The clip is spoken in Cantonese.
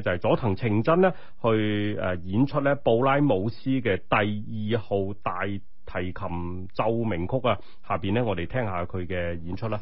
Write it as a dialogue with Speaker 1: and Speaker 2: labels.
Speaker 1: 就係佐藤晴真咧，去誒演出咧布拉姆斯嘅第二號大提琴奏鳴曲啊，下邊咧我哋聽下佢嘅演出啦。